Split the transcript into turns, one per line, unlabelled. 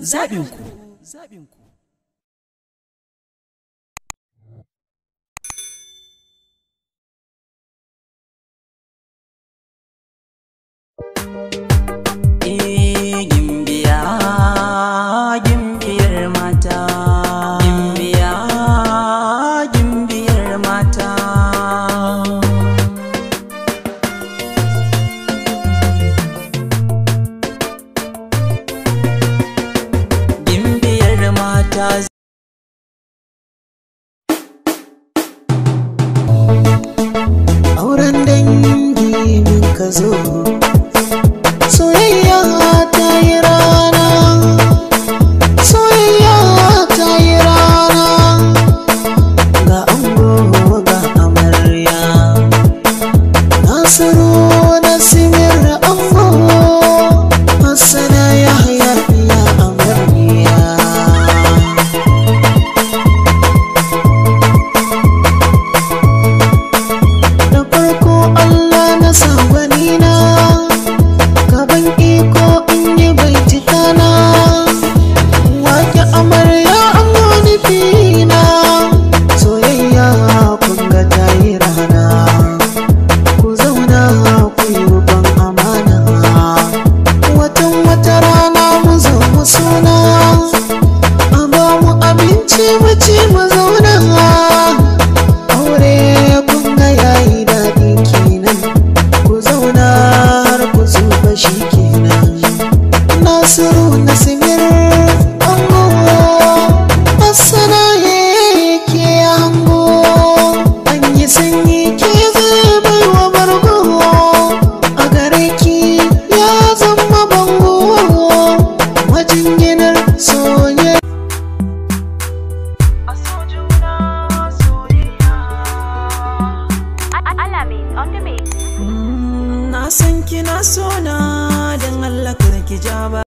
zabinku
zabinku ta
auren dangi min ka zo ce mu zauna aure kun ga yayi daɗi kenan ku zauna har ku zuba shi kenan nasiru
on the mm, Na san kina so na don Allah kar ki ja ba.